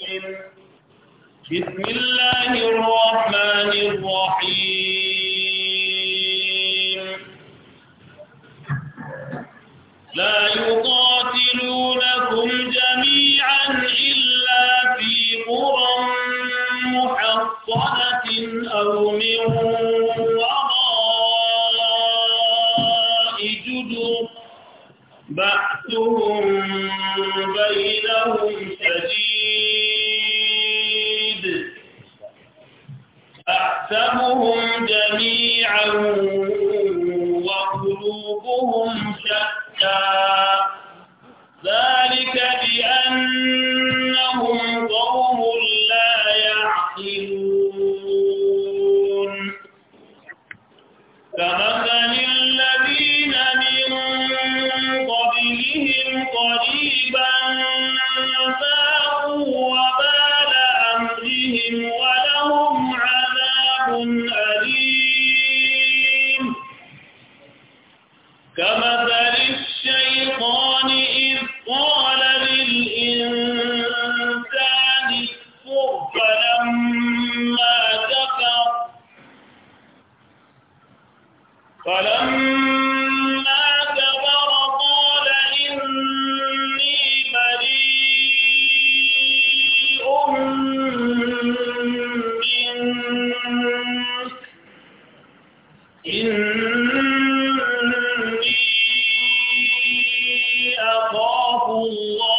بسم الله الرحمن الرحيم لا يطاع الله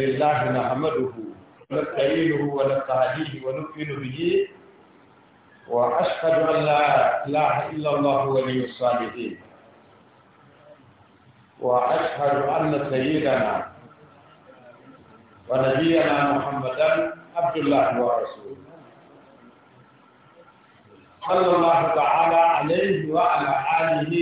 لله نحمده ونستعينه ونستهديه ونؤمن به وأشهد أن لا إله إلا الله ولي الصالحين وأشهد أن سيدنا ونبينا محمدا عبد الله ورسوله صلى الله تعالى عليه وعلى آله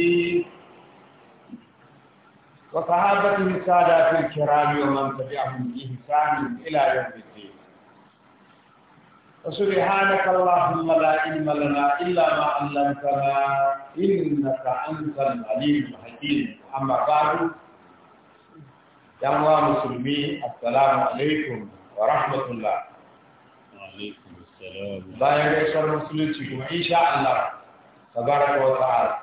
وصحابته السادات الكرام ومن تبعهم بإحسان إلى يوم الدين وسبحانك اللهم لا علم لنا إلا ما علمتنا إنك أنت العليم الحكيم أما بعد يا مسلمين السلام عليكم ورحمة الله وعليكم السلام بايعك شر مسلمين إن شاء الله تبارك وتعالى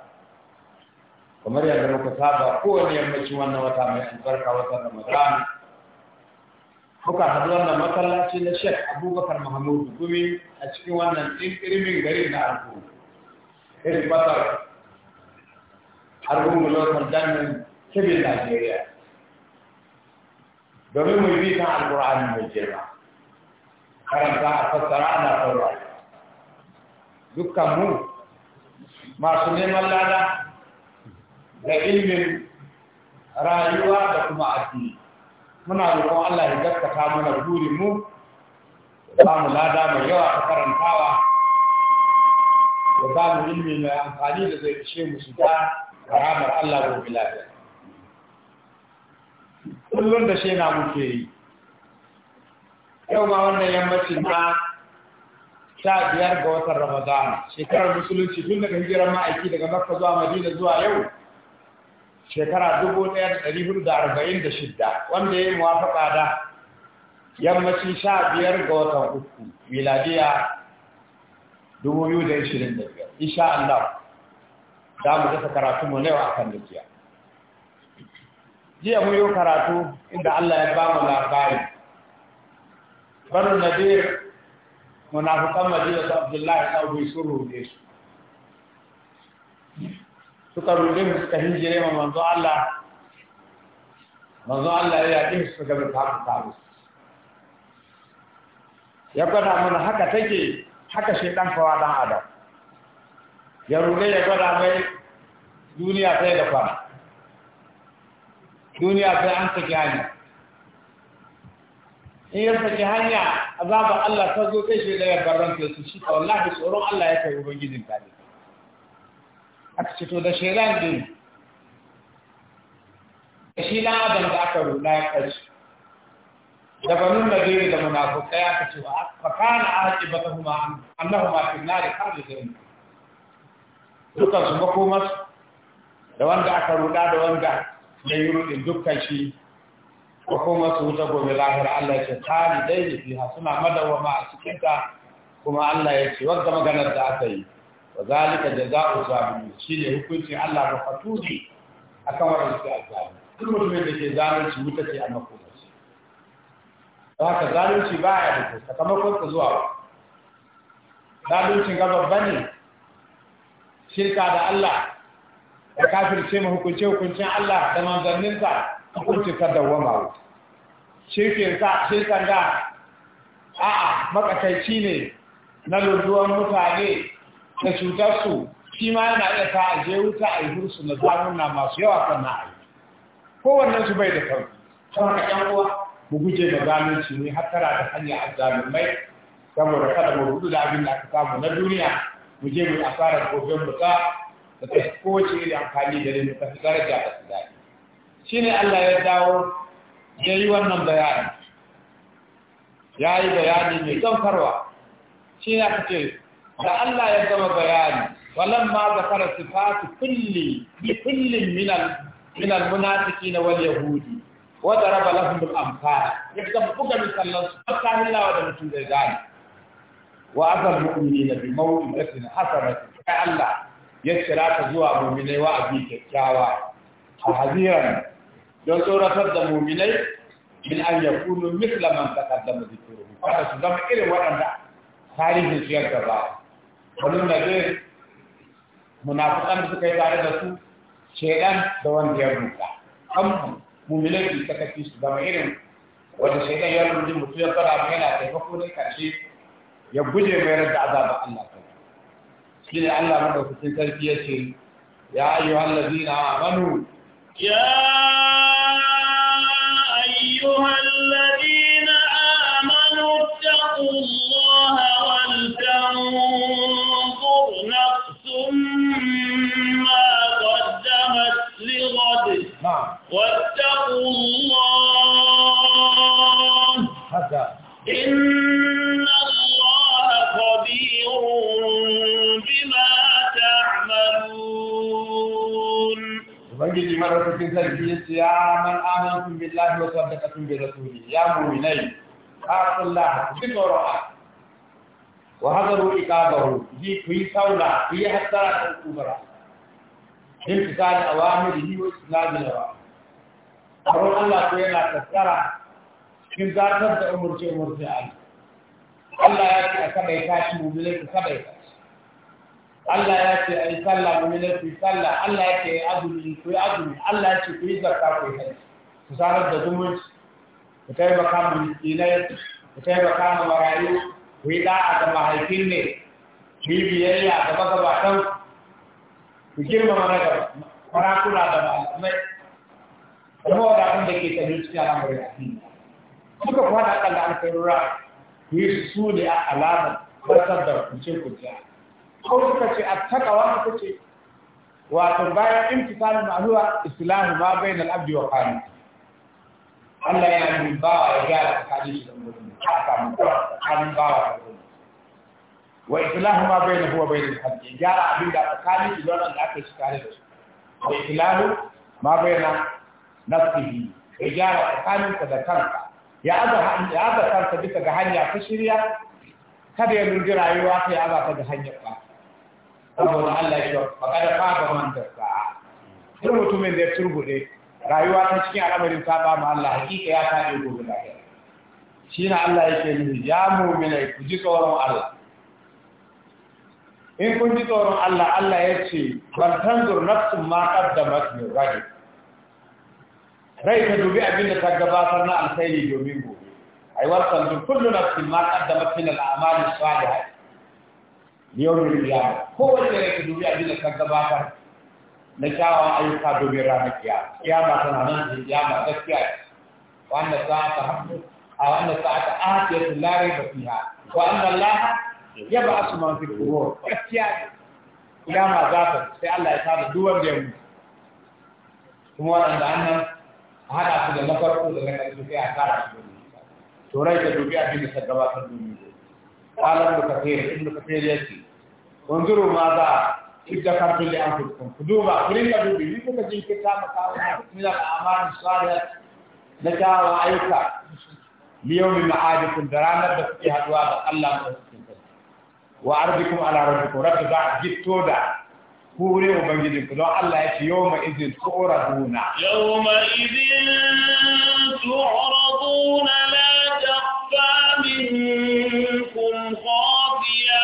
kamar yadda muka saba kowane yammacin wannan wata mai albarka watan ramadan muka haɗu wannan masallaci na shek abubakar mahamudu gumi a cikin wannan ɗin tsirmin gari na arko irin basar argungu lokacin danin kebin najeriya domin mu bi kan alƙur'ani mai girma karanta a fassara ana saurari dukkan mu masu neman lada da ilimin rayuwa da kuma addini muna roƙon Allah ya gaskata mana burin mu ba mu lada mai yawa ta karantawa ya ba mu ilmi mai amfani da zai ishe mu shiga haramar Allah gobe lafiya kullum da shi na muke yi yau ma wannan yammacin na sha biyar ga watan ramadana shekarar musulunci tun daga hijirar ma'aiki daga makka zuwa madina zuwa yau shekara 1446 wanda ya yi muwafaka da yammacin sha biyar ga watan uku miladiya 2025 insha Allah za mu dasa karatu mu ne a kan dukiya jiya mu yi karatu inda Allah ya ba mu labari banu nadir munafiqan madina abdullahi ta bi suru ne su suka rude mu suka hijire ma manzo Allah manzo Allah ya yaƙi su gaba ta faru ya gwada mana haka take haka shaidan kawa dan adam ya rude ya gwada mai duniya sai da fara duniya sai an saki hanya in ya saki hanya azabar Allah ta zo kai shi da ya barranta su shi wallahi tsoron Allah ya kai ubangijin ka ne aka ce to da shelan din da shi na adam da aka rula ya kashi da banun da gari da munafukai aka ce wa na aji ba ta kuma annahu ma fi nari har da zai dukkan su makomas da wanda aka ruda da wanda ya yi rudin dukkan shi makomas su wuta gobe lahira Allah ya ce tali dai da fiha suna madawama a cikinta kuma Allah ya ce wanda maganar da aka yi Wazalika zalika jaza'u zalimin shine hukuncin Allah ga fatudi akan wannan su azalimi duk mutumin da ke zalunci wuta ce amma ko shi haka zalunci baya da sakamakon ka zuwa Zalunci ga babba ne shirka da Allah da kafirce mu hukunce hukuncin Allah da manzanninsa hukuncin ka da wama shirkin ka shirkan da a'a makakaici ne na lulluwan mutane da cutarsu shi ma yana iya ta a je wuta a yi hursu na zamuna masu yawa kan na ayi kowannen su bai da kan kan ka yan uwa mu guje da zalunci ne har tara da hanya a mai, saboda kada mu rudu da abin da aka samu na duniya mu je mu asarar goben mu ta da ta kowace iri amfani da ne ta fi daraja da su daɗi ne Allah ya dawo ya yi wannan bayani ya yi bayani mai gamfarwa shi ne aka ce da Allah ya zama bayani wannan ma da fara sifatu bi kullin min al min al yahudi wa daraba lahum al amsal yakam buga misalan subhanahu wa da mutun da gani wa afal mu'minina bi mawdatin hasanat ya Allah ya tsira zuwa mu'minai wa kyakkyawa a haziran don tsoratar da mu'minai min an yakunu mithla man taqaddama dhikruhu fa su zama irin waɗanda tarihin su ya gabata wani nazir munafukan da suka yi tare da su shaidan da wanda ya rubuta an mumilai su ta kafi su zama irin wanda shaidan ya rubuta mutum ya fara mu yana taimako ne karshe ya guje mai da azaba Allah ta shi ne Allah madaukakin sarki ya ce ya ayyuhal amanu ya واتقوا الله إن الله خبير بما تعملون ubangiji maraukakin sarki ya ce ya man amantu billahi wa saddaqatun bi rasuli ya mu'minai aqullah bi qura'a wa hadaru iqabahu ji ku yi saula ku yi hasara da kubara بالفساد أوامره واستناد الأوامر أقول الله تعالى تذكرة cikin zartar da umurce-umurce a yi. Allah ya ce a kada ya tashi mummunai ku kada ya tashi. Allah ya ce a yi sallah mummunai ku yi sallah, Allah ya ce ya azumi ku yi azumi, Allah ya ce ku yi zarta ku yi hajji. Ku sanar da zumunci, ku taimaka ma miskinai, ku taimaka ma marayu, ku yi da'a da mahaifin ne, ku yi biyayya ga magabatan ku girmama na gaba farakula da malamai kuma wanda abin da ke tafi cikin al'amuran suka kuma da akalla alfairura ku yi su ne a alamar basar da kunce kunce ko suka ce a takawa suka ce wato bayan imtisalin ma'aluwa islamu ma bayan al'abdi Allah ya yi bawa ya gyara tsakanin shi a samu bawa da wa islahu ma bainahu wa bainal khalqi Jara abin da tsakanin shi don da aka shi tare da su wa islahu ma baina nafsihi ya gyara tsakanin da kanka ya aza ya aza kanka bisa ga hanya ta shirya kada ya rubi rayuwa ta ya aza ta ga hanyar ba saboda Allah ya ba kada fa ba man da sa duk mutumin da ya turbude rayuwa ta cikin al'amarin saba ma Allah hakika ya tabe gobe lafiya shi na Allah yake nufi ya mu'mina ku ji tsoron Allah in kun ji tsoron Allah Allah ya ce ban tanzur nafsu ma qaddamat min ghad rai ta dubi abin da ta gabatar na alkhairi domin gobe ai warsan duk kullu nafsin ma qaddamat min al-a'mal as-salihah yawm al-qiyamah ko wanda rai ta dubi abin da ta gabatar na kyawawan ayyuka domin ranar kiyama kiyama tana nan kiyama gaskiya وأن الساعة أحد ta أن الساعة آتية لا ريب فيها وأن الله يبعث من في القبور gaskiya ya ma za ta sai Allah ya saba duk wanda ya mutu kuma waɗanda annan a haɗa su da na farko da na ƙarshe sai a kara su da to rai da dubi abin da ta gabatar da mu qalan da kafir ibn kafir yace wanzuru ma za idda kartu li anfusikum kuduba kullin da dubi ni kuka jin kita maka min al amal salih na tawa ayyuka liyawmi ma'adikum da ranar da kuke haduwa da Allah وعربكم على ربكم رب دع جتو دع كوري ومجدين كدو الله يتي يوم إذن تعرضون يوم إذن تعرضون لا تخفى منكم خافية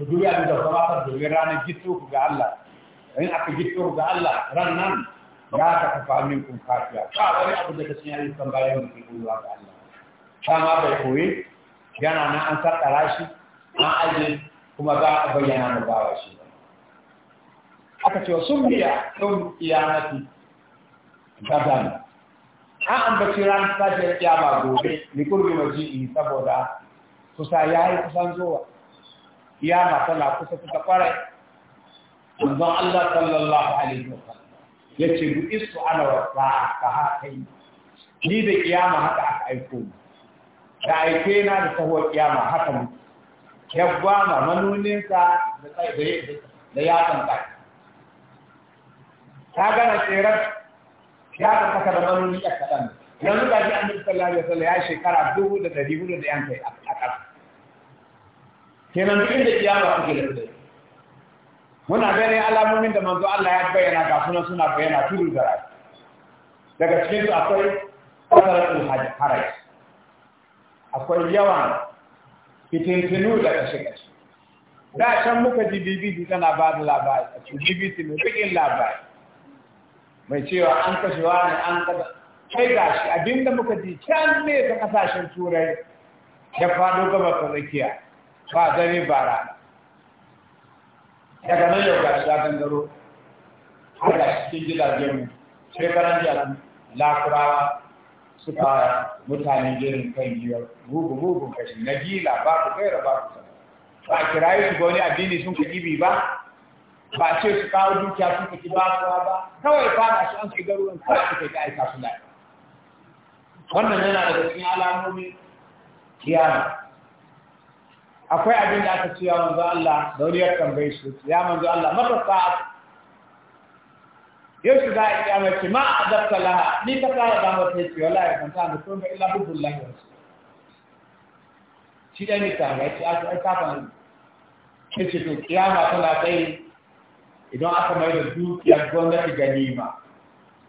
دوري أبي دو صلاحة راني جتو كدو الله إن أكي جتو كدو الله رنان لا تخفى منكم خافية فأغري أبو دكتور سنيا يستنبالي من كدو الله فما بيقوي جانا أنا أنسى تراشي an aje kuma za a bayyana mu bawa shi ba. aka ce sun biya sun kiyamati gaban an ambaci ran sashen kiyama gobe likurbi in saboda kusa ya yi kusan zuwa kiyama tana kusa ta kwarai manzon Allah sallallahu alaihi wasallam yace bu isu ana wa sa'a ka ha kai ni da kiyama haka aka aiko ni da aike na da sahuwar kiyama haka mutu ya gwama manuninsa da ya kai ta gana tseren ya ta da manuni a kaɗan yanzu ga ji annabi sallar da wasallam ya shekara dubu da dari hudu da yan kai a ƙasar kenan duk ba su gina da muna gani alamomin da manzo Allah ya bayyana ga sunan suna bayyana tudu da rai daga cikin su akwai kasaratul haraj akwai yawan fitintinu da kashe-kashe da can muka ji bbc tana ba da labari a cikin bbc mai bikin labari mai cewa an kashewa ne an kada kai ga shi abinda muka ji can ne ta kasashen turai da fado gaba ka tsakiya ba zane ba ra daga nan yau ga shi a gangaro shi ga cikin gidajen mu sai karan jiya lakurawa fara mutanen jirin kan biyar gugu gugu kashi na gila ba ku kaira, ba ku ba a kirayi su ga wani addini sun ka gibi ba ba a ce su kawo dukiya sun ka ki ba ba kawai fara shi an kai garuruwan kawai suka ga aika su lafiya wannan yana daga cikin alamomi kiyama akwai abin da aka ce ya manzo Allah da wani ya tambaye shi ya manzo Allah mata yau za a iya mace ma a zarta laha ni ta tsara ba mu ya ce wala ya kanta da kuma illa hukun lahiyar wasu shi ɗan nita shi a aka ta ban ya ce to kiyama tana tsaye idan aka mai da dukiya gwamnati ganima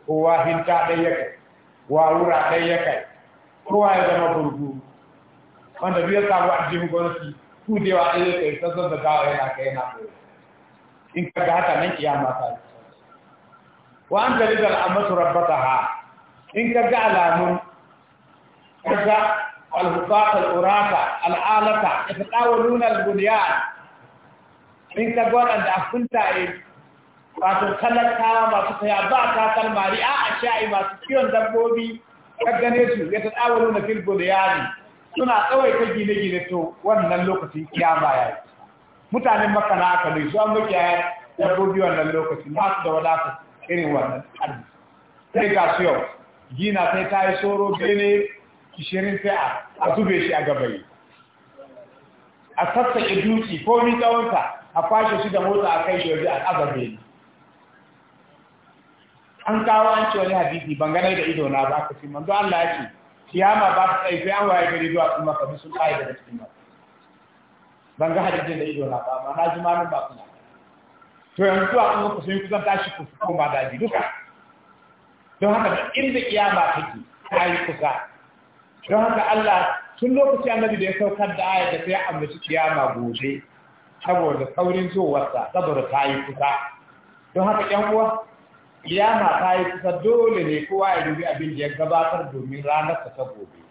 kowa hinta ɗaya ya kai wa wura ɗaya ya kai kowa ya zama gurgu wanda biyar samu arzikin gwamnati kudewa ɗaya ya kai sassan da gawa yana kai na kai in ka ga haka nan kiyama ta wa an tari da al'ammatu rabbataha in ka ga alamun ka ga al-hufaq al-urata al-alata in ka ga wanda afunta e wato talaka masu taya ba ta kalmari a ashai masu kiyon dabbobi ka gane su yataqawaluna fil bunyan suna tsawaita gine-gine to wannan lokacin mutanen makana aka ne dabbobi wannan lokacin ba su da wadatar irin wannan arziki sai ga su yau gina sai ta yi soro bene kishirin sai a zube shi a gabayi a sassaƙe duki, ko ni tsawonta a fashe shi da mota a kai shi waje a ƙaba bene an kawo an ce wani hadisi ban ganai da ido na ba ka ce manzo Allah ya ce kiyama ba ta tsaye sai an waye gari zuwa kuma ka bi sun kai daga cikin ba ban ga hadisin da ido na ba ma na ji nan ba kuma to yanzu a an ku sun kusan tashi ku koma daji duka don haka da inda kiyama take ta yi kusa don haka Allah tun lokaci annabi da ya saukar da ayat da sai ya ambaci kiyama gobe saboda saurin zuwarsa saboda ta yi kusa don haka yan uwa kiyama ta yi kusa dole ne kowa ya dubi abin da ya gabatar domin ranar ta gobe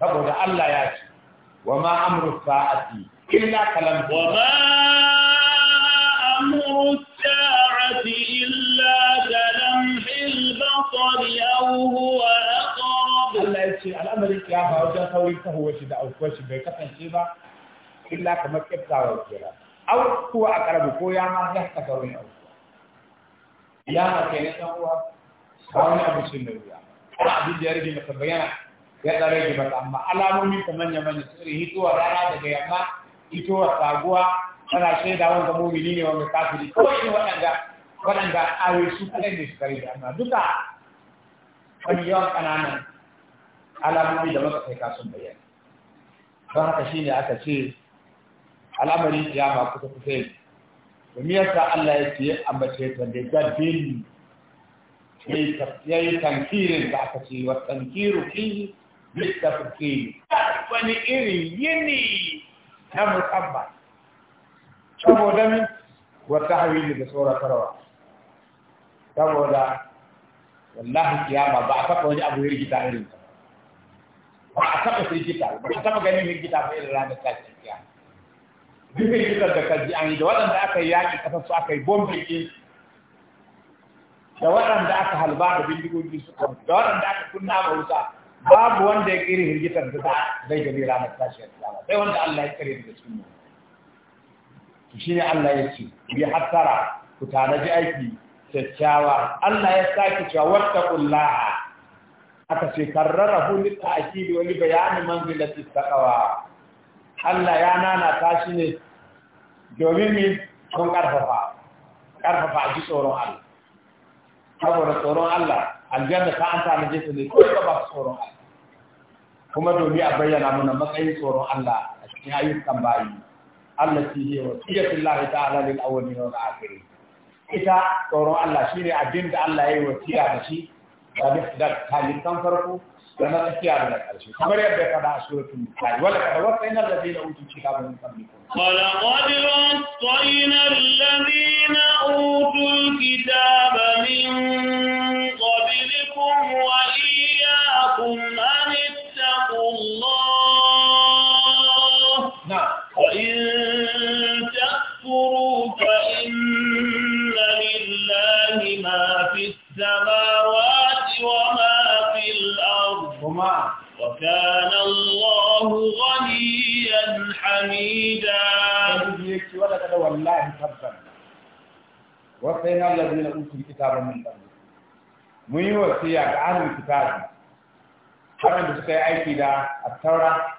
saboda Allah ya ce wa ma amru sa'ati illa kalam wa ma amru huwa aqrab Allah ya ce al'amari kiyama wajen sauri ta huwa shi da aukuwar shi bai kasance ba illa kamar kiftawar kira au kuwa aqrab ko ya ma ya ka sauri au ya ma kenan dan uwa ba wani abu shi ne ya ba abin da ya rage maka bayana ya tsare ki ba amma alamomi ta manya manya sirri hitowa rana daga yamma hitowa saguwa tana shaida wanda mumini ne wanda kafiri ko shi waɗanda waɗanda ayoyi su kaɗai ne su kare da amma duka wani yawan ƙananan alamomi da maka kai kasu bayani, don haka shi ne aka ce al'amarin kiyama kusa kusa yi domin yasa Allah ya ce mace ta da gabin ya yi tankirin da aka ce wa tankiru fi littafi wani irin yini na musamman saboda min wata hawili da tsoratarwa saboda wallahi kiyama ba a taba wani abu hirgita irin ta ba a taba firgita ba a taba ganin hirgita ba irin ranar tashin kiyama duk hirgitar da kaji an yi da waɗanda aka yi yaƙi ƙasar su aka yi bombin ɗin da waɗanda aka halba da bindigogi su kan da waɗanda aka kunna ba wuta babu wanda ya kiri hirgitar da za zai gani ranar tashin kiyama sai wanda Allah ya kare daga cikin mu to Allah ya ce bi hattara ku tanaji aiki kyakkyawa Allah ya sake cewa wattaqullaha aka ce karrarahu li ta'kidi wani bayanin manzilati taqwa Allah ya nana ta shi ne domin mi kun karfafa karfafa ji tsoron Allah saboda tsoron Allah aljanna ta an ta naje ne ko ba tsoron Allah kuma domin a bayyana mana matsayin tsoron Allah a cikin ayyukan bayi Allah shi ne wa siyatullahi ta'ala lil awwalin wal akhirin ita tsoron Allah shi ne abin da Allah ya yi wa wasiya da shi da halittan farko da na tsakiya da ƙarshe kamar yadda ya faɗa a suratul misali wala kada wasa ina da zai da wuce ci gaba min kamar ko wala qad wasayna alladhina utul kitaba min qablikum wa iyyakum وكان الله غنيا حميدا والله تبا وقينا الذين اوتوا الكتاب من قبل mun yi wasiya ga ahlul kitabi da suka yi aiki da attaura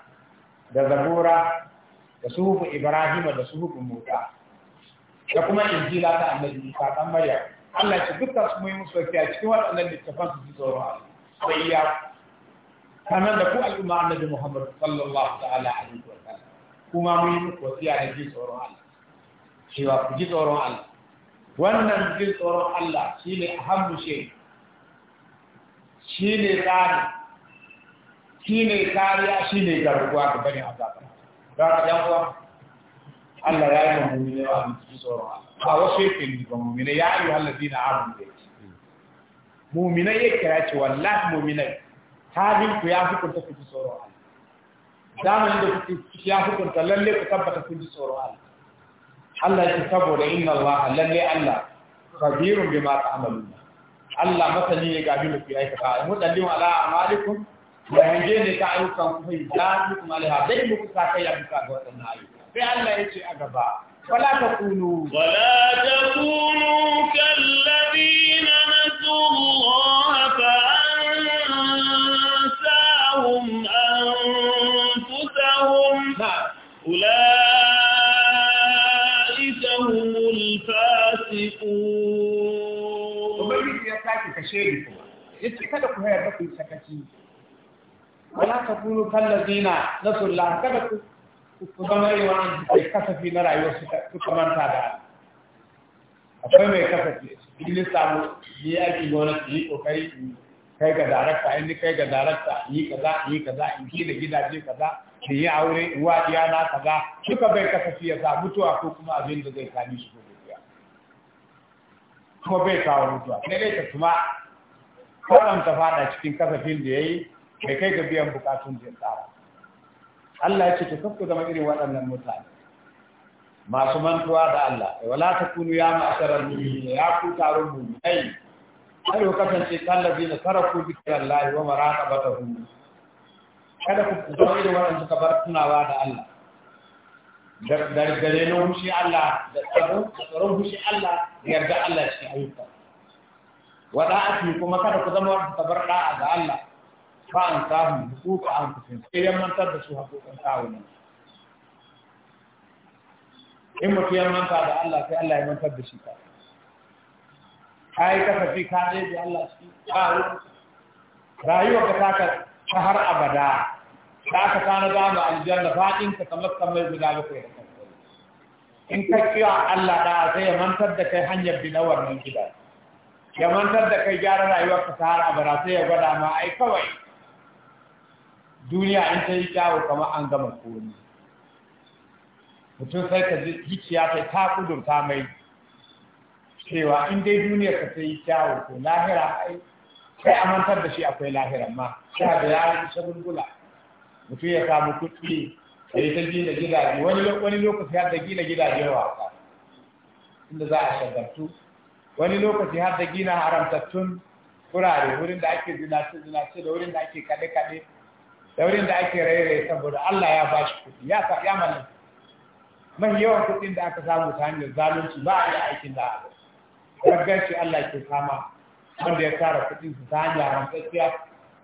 da zabura da suhufu ibrahima da suhufu musa da kuma injila ta annabi isa kan maryam Allah ya dukkan su yi musu wasiya cikin waɗannan littafan su ji sannan da ku al'umma annabi Muhammad sallallahu ta'ala alaihi wa sallam kuma mun yi muku wasiya da jin tsoron Allah cewa ku ji tsoron Allah wannan jin tsoron Allah shine ahammu shay shine tsari shine kariya shine garkuwa ga bani azaba da ka dan uwa Allah ya yi mu'mini wa ji tsoron Allah ba wasu yake ni ba mu'mini ya ayyuhallazina amanu mu'minai yake ya ce wallahi mu'minai halin ku ya hukunta ku ji tsoron Allah zamanin da kuke ya hukunta lalle ku tabbata kun ji tsoron Allah Allah ya saboda inna Allah lalle Allah kabirun bima ta'maluna Allah masani ne ga abin da ku aikata mu dalilin ala amalikum da hange ne ka ayyukan ku sai da ku kuma alha dai mu kusa kai abuka ga wannan ayyuka sai Allah ya ce a gaba wala takunu wala takunu kallabi أولئك هم الفاسقون ومن يريد أن يتشير بكم يتكلم هذا في سكتي ولا تقولوا كالذين نسوا الله كما تكتب في نرى يوسف كمان تابعا akwai mai kasa ce ilin samu ne ya ke su yi kokari kai ga darakta inda kai ga darakta yi kaza yi kaza in gina gidaje kaza ki yi aure uwa na kaza kika bai kasance ya samu mutuwa ko kuma abin da zai kani shi ko dukiya ko bai kawo mutuwa sai dai ta kuma kwanan ta fada cikin kasafin da yayi yi bai kai ga biyan bukatun da ya Allah ya ce ta kakku zama irin waɗannan mutane masu mantuwa da Allah wala ta kunu ya ma'asharar mu'minin ya ku taron mu'minai ai kasance kallabi na taraku bi Allah wa maraqabatahu kada ku zama irin wannan suka bar tunawa da Allah da gargare na hushi Allah da tsaro da tsaron hushi Allah da yarda Allah cikin ayyuka wa da'ati kuma kada ku zama wanda suka bar da'a ga Allah ba an samu hukuka an kusin sai ya mantar da su hakokan kawunan in mutum ya manta da Allah sai Allah ya mantar da shi ka kai kasafi ka ne da Allah shi ba rayuwa ka ta ta har abada za ka tana za mu aljanna faɗin ka kamar kamar guda bakwai da in ka cewa Allah da sai ya mantar da kai hanyar bi na gida ya mantar da kai gyara rayuwar ka ta har abada sai ya gwada ma ai kawai duniya in ta yi kyawu kamar an gama komi mutum sai ka ji hiciya sai ta kudurta mai cewa in dai duniyar ka ta yi kyawu to lahira ai sai a mantar da shi akwai lahiran ma sai da ya yi shagulgula mutum ya samu kuɗi ya yi ta gina gidaje wani lokaci har da gina gidaje wasa inda za a shagartu wani lokaci har da gina haramtattun wurare wurin da ake zinace zinace da wurin da ake kaɗe kaɗe da wurin da ake raye saboda Allah ya ba shi kuɗi ya sa ya mallaka mafi yawan kuɗin da aka samu ta hanyar zalunci ba a yi aikin da aka gaggar shi Allah ke sama wanda ya tara kuɗi su ta hanyar rantsakiya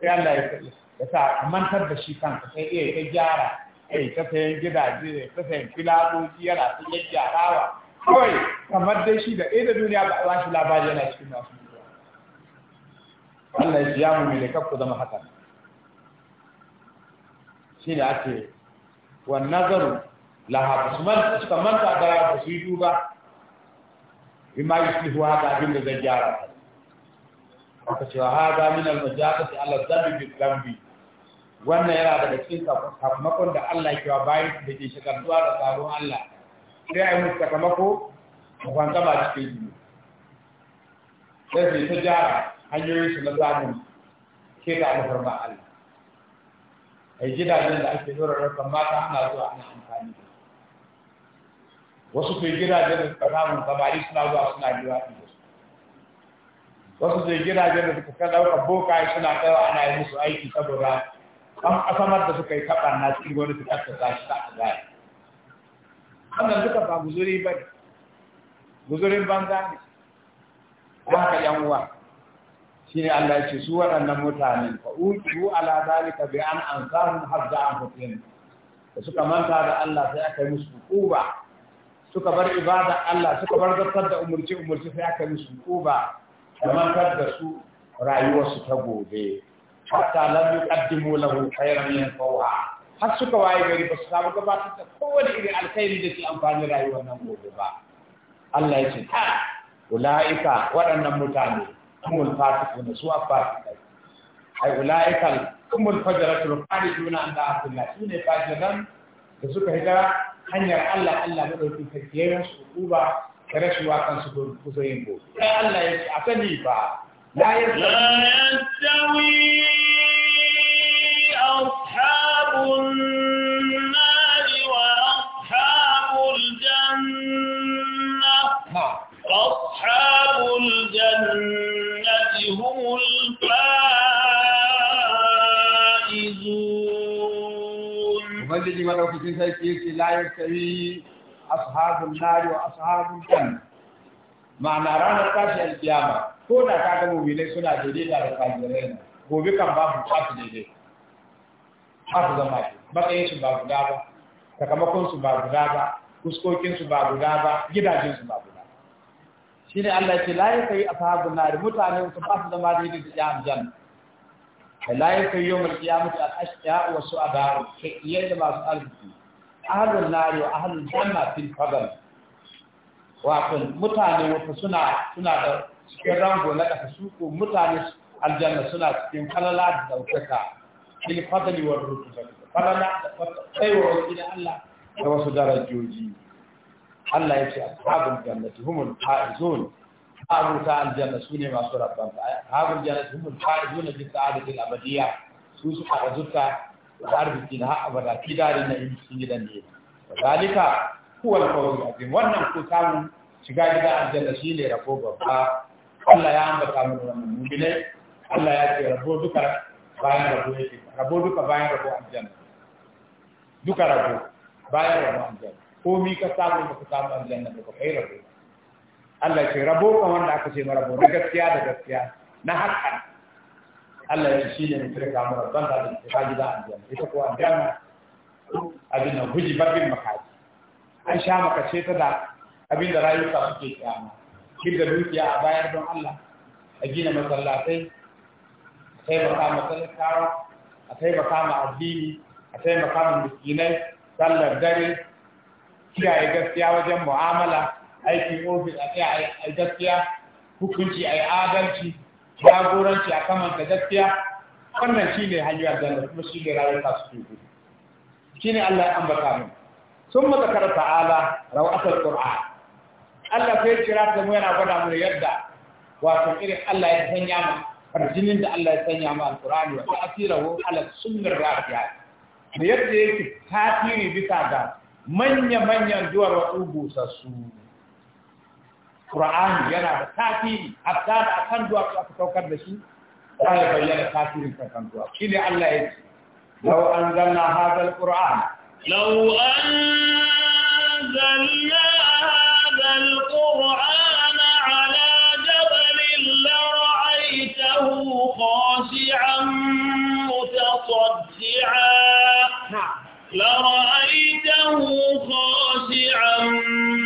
sai Allah ya kuɗi ya sa a mantar da shi kanka sai iya ta gyara ya ta sayan gidaje ya ta sayan filagoji yana ta yi gyaggyarawa kawai kamar dai shi da ɗaya da duniya ba a shi labari yana cikin masu Allah ya siya mu mai da ku zama haka shi da ake wa nazaru laha ba su manta da ba su yi duba bima yuslihu haka abin da zai gyara aka ce wa hada min al-majazati Allah dhanbi bi dhanbi wannan yana daga cikin sakamakon da Allah ke wa bayan da ke zuwa da tsaron Allah sai ai yi musu sakamako mu kwanta ba cikin jini sai su ta jara hanyoyin su na zamu ke da ba Allah ai yi gidajen da ake zura rarrakan mata ana zuwa ana amfani da wasu ke gidajen da suka samun samari suna zuwa suna biwa ɗiya wasu je gidajen da suka ɗauka boka suna ɗaura ana yi musu aiki saboda an asamar da suka yi taɓa na cikin wani su ƙasa shi ta gaya wannan duka ba guzuri ba ne guzurin banza ne don haka yan uwa shi ne Allah ya ce su waɗannan mutanen fa utu ala zalika bi an ansahum hazza an hutin da suka manta da Allah sai aka yi musu hukuba suka bar ibada Allah suka bar zartar da umarci, umarci sai aka yi musu hukuba gabatar da su rayuwarsu ta gobe hatta lam yuqaddimu lahu khayran yanfa'uha har suka waye gari ba su samu gabatar da kowane irin alkhairi da ke amfani rayuwar nan gobe ba Allah ya ce ta ulaika waɗannan mutane humul fasiquna su afasiqai ai ulaika humul fajaratul kharijuna an da'atillah sune fajiran da suka hijira hanyar Allah Allah madaukakin sarki yayin su uba rashuwa kan su kusa yin bo sai Allah ya ce a sani ba la yastawi ashabun nar wa ashabul janna ashabul jannati humul faizun wanda ji madaukakin sarki yake la yastawi ashabu nari wa ashabun janna ma'ana ranar tashi alkiyama ko da ka ga mu'minai suna daidai da kafirai ne gobe kan babu tasu daidai ba su zama ke matsayin su ba guda ba sakamakon su ba guda ba fuskokin su ba guda ba gidajen su ba guda Shi ne Allah ce la kai ashabu nari mutane su ba su zama daidai da jami'an jan la ya kai yawmal qiyamati al-ashqa wa su'ada ke yadda masu arziki ahalun nari wa ahalun janna fil fadl wato mutane wata suna suna da cikin rango na kasa su ko mutane aljanna suna cikin kalala da daukaka fil fadli wa rutuba kalala da tsayuwar gidan Allah da wasu darajoji Allah ya ce ashabul jannati humul faizun ta aljanna sune masu rabban ahalun jannati humul faizun bi sa'adatil abadiyya su suka rajuta da arziki na abada fi dare na in cikin gidan ne zalika huwa al-fawzul azim wannan ko samun shiga gida aljanna ne rabo babba Allah ya ambata mu wannan mu'mine Allah ya ce rabo duka bayan rabo yake rabo duka bayan rabo aljanna duka rabo bayan rabo aljanna ko mi ka samu ka samu aljanna ko kai rabo Allah ya ce rabo kan wanda aka ce rabo na gaskiya da gaskiya na hakka Allah ya shi ne mutum ga mura ban da ta kaji gida a biya ita ko an abin nan guji babin makaji an sha makace ta da abin da rayuka suke kyama kin da dukiya a bayar don Allah a gina masallatai a taimaka ma talakawa a taimaka ma addini a taimaka ma miskinai sallar dare kiyaye gaskiya wajen mu'amala aikin ofis a tsaya a gaskiya hukunci a adalci jagoranci a kamanta gaskiya wannan shi ne hanyar janna kuma shi ne ta suke tuku shi ne Allah ya ambata mu sun mazakar ta'ala rawatul ƙura Allah sai kira ta mu yana gwada mu yadda wato irin Allah ya sanya mu arjinin da Allah ya sanya mu alƙur'ani wa ta'tirahu ala sunnir rafiya, da yadda yake tasiri bisa ga manya-manyan duwar wasu busassu القرآن يرى تأثير أبدا أكان دوا كتوكا دشي قال بيرى تأثير كتان دوا كين الله إيش لو أنزلنا هذا القرآن لو أنزلنا هذا القرآن على جبل لرعيته خاشعا متصدعا لرأيته خاشعا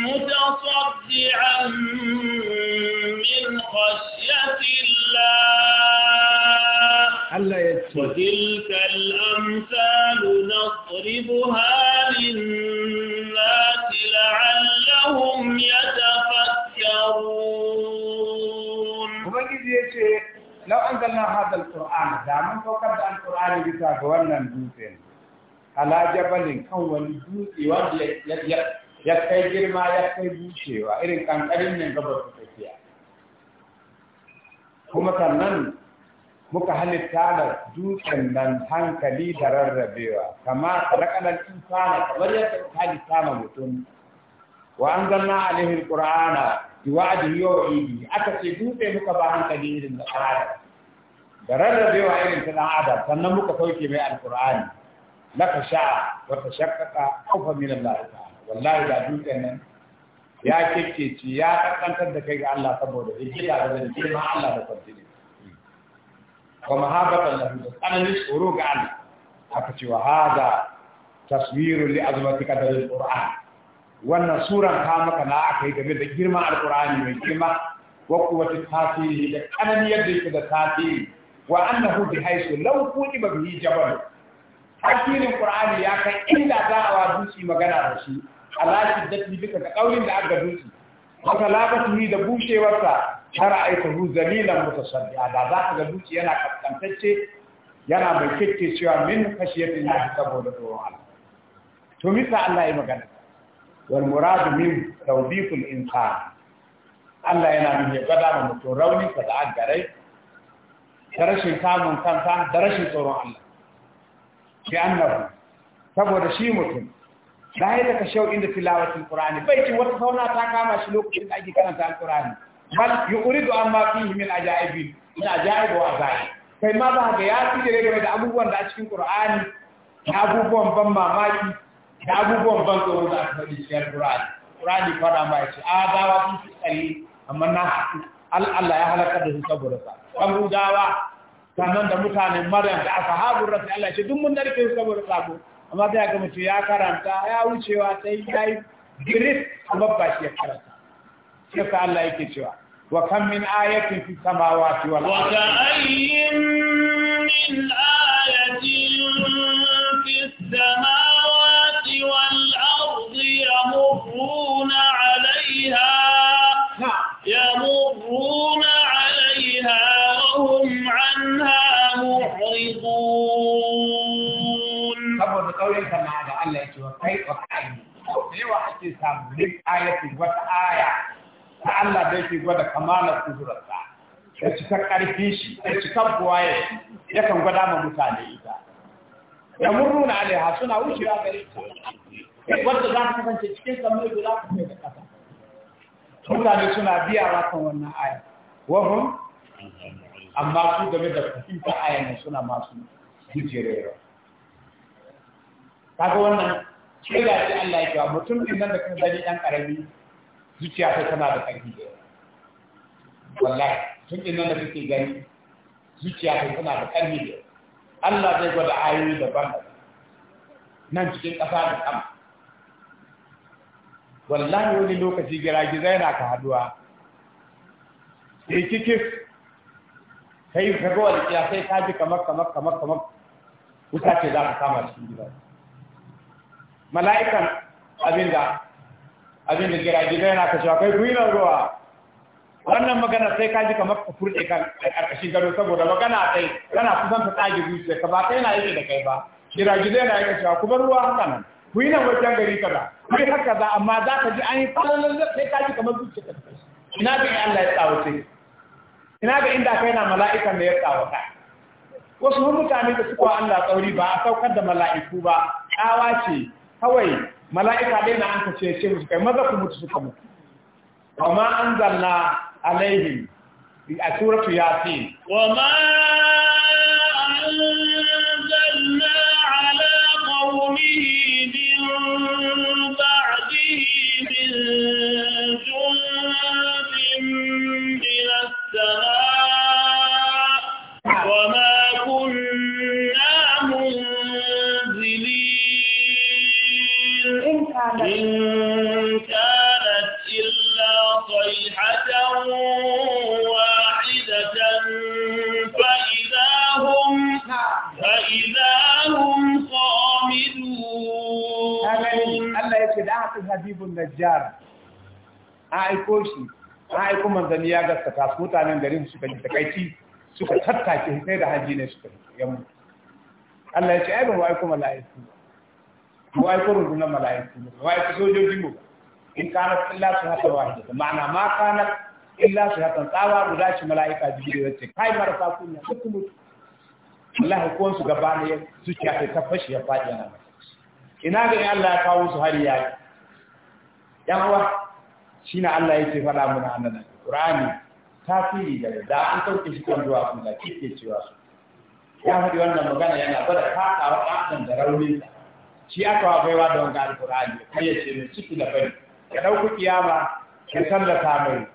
متصدعا من خشية الله وتلك الأمثال نضربها للناس لعلهم يتفكرون لو أنزلنا هذا القرآن دائما فقد القرآن بتاعك ورنا نبوتين ala jabalin kan wani dutse wanda ya kai girma ya kai bushewa irin kankarin nan gaba su tafiya kuma sannan muka halitta da dutsen nan hankali da rarrabewa kama rakanar insana kamar yadda halitta ma mutum wa an zanna alaihi alqur'ana bi wa'di yawidi aka ce dutse muka ba hankali irin da adam da rarrabewa irin ta ɗan adam sannan muka sauke mai alqur'ani laka sha'a wa tashaqqaqa khawfan min Allah ta'ala wallahi da dukkan nan ya kekkece ya kankantar da kai ga Allah saboda hijira da zan girma Allah da kwantini wa mahabbatan lahu da tsananin tsoro ga Allah aka ce wa hada taswiru li azmatika da alquran wannan suran ka maka na akai yi game da girma alqurani mai girma wa quwwati tasiri da tsananin yadda yake da tasiri wa annahu bi haythu law kutiba bihi jabal tasirin Qur'ani ya kai inda za a wa duci magana da shi Allah shi da duka ga kaulin da aka duci haka lakatuhi da bushewar bushewarsa har aikahu zalilan mutasaddiya da za ka ga duci yana kaskantacce yana mai kike cewa min kashiyatin lahi saboda tsoron Allah to misa Allah ya magana wal muradu min tawbiqul insan Allah yana nuna ya gada ma mutum rauni ka da agarai da rashin samun kanta, da rashin tsoron Allah bi annabu saboda shi mutum da ya shau inda tilawatin qur'ani bai ci wata sauna ta kama shi lokacin da ake karanta alqur'ani bal yuridu amma fihi min ajaibi min ajaibi wa azai kai ma ba ga ya fi da game da abubuwan da a cikin qur'ani da abubuwan ban mamaki da abubuwan ban tsoro da aka faɗi cikin qur'ani qur'ani fada ma ce a gawa sun fi amma na Allah ya halaka da su saboda sa kan gawa sannan da mutanen maryam da ashabun rasul Allah ce, duk mun narke su saboda sabo amma sai ga mutum ya karanta ya wucewa sai ya yi giris amma ba shi ya karanta sai ka Allah yake cewa wa kam min ayatin fi samawati wal ardi wa ayyin min kai tsakani da yawa ake samu min ayatin wata aya ta Allah da yake gwada kamalar kudurarsa da cikar ƙarfi shi da cikar buwaye ya kan gwada ma mutane ita da mun murruna alaiha suna wucewa gare ta wanda za ta kasance cikin samun za guda kai da ƙasa mutane suna biya wa kan wannan aya wahun amma su game da ta aya ne suna masu hijirewa kaga wannan sai da shi Allah ya ga mutum din nan da kan gani ɗan ƙarami, zuciya ta tana da karfi da wallahi tun nan da kake gani zuciya ta tana da karfi da Allah zai gwada ayoyi daban daban nan cikin ƙasa da sama wallahi wani lokaci gira zai yana ka haduwa sai kikis kai ka ga wani sai ka ji kamar kamar kamar kamar wuta ce za ka kama cikin gidansu mala'ikan abinda abinda girajibai na kashewa kai ku yi nan ruwa wannan magana sai ka ji kamar ka furɗe kan ƙarƙashin gado saboda magana kai yana kusan ta tsage zuciya ka ba ka yana yake da kai ba gida na yake shafa kuma ruwa haka nan ku yi nan wajen gari kaza ku yi haka za amma za ka ji an yi falalar sai ka ji kamar zuciya ka ina ga Allah ya tsawace ina ga inda kai na mala'ikan da ya tsawata wasu mutane da suka Allah tsauri ba a saukar da mala'iku ba tsawa ce kawai mala'ika dai na an ka ce ce musu kai maza ku mutu suka mutu wa ma anzalna alaihim a suratu yasin wa habibun najjar a aiko shi a aiko manzanni ya gaskata su mutanen garin suka yi takaici suka tattake sai da haji ne suka yamma Allah ya ce ai ba wa aiko mala'iku ba wa aiko rundunar mala'iku ba wa aiko sojojin mu in kana illa su hata wahida ma'ana ma kana illa su hata tsawa guda shi mala'ika jibril da ce kai marasa kunya duk mutu Allah hukuwan su gaba ne zuciya ta fashe ya faɗi ina ga Allah ya kawo su har yayi yawa shi na Allah ya ce faɗa muna annan Qur'ani tasiri da da an sauke shi kan zuwa kuma da kike cewa su ya faɗi wannan magana yana bada fada wa ɗan da raunin shi aka wa baiwa da wanga alqur'ani kai ya ce mai ciki da bari ka dauki kiyama ka ta mai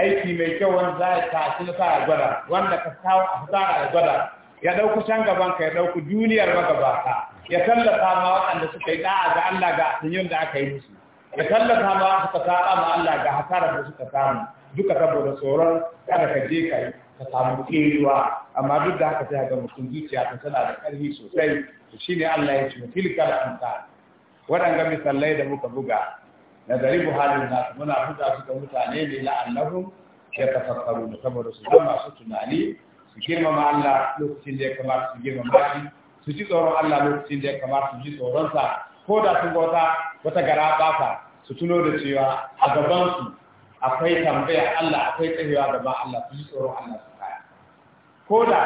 aiki mai kyau wanda za ya tashi na sa gwada wanda ka kawo a fara ya gwada ya dauki can gaban ka ya dauki duniyar magabata ya sallata ma waɗanda suka yi da'a ga Allah ga tunyin da aka yi musu da tallata ma suka saba ma Allah ga hasarar da suka samu duka saboda tsoron kada ka je ka ka samu kewa amma duk da haka sai ga mutum zuciya ta tana da ƙarfi sosai to shine Allah ya ce tilka anta amsa waɗanga misalai da muka buga na garibu halin nasu muna buga su ga mutane ne la'annahum ya tafakkaru saboda su zama su tunani su girmama Allah lokacin da ya kamata su girmama shi su ji tsoron Allah lokacin da ya kamata su ji tsoronsa ko da sun wata wata gara basa su tuno da cewa a gabansu akwai tambaya Allah akwai tsayewa gaban Allah su tsoro Allah su kaya ko da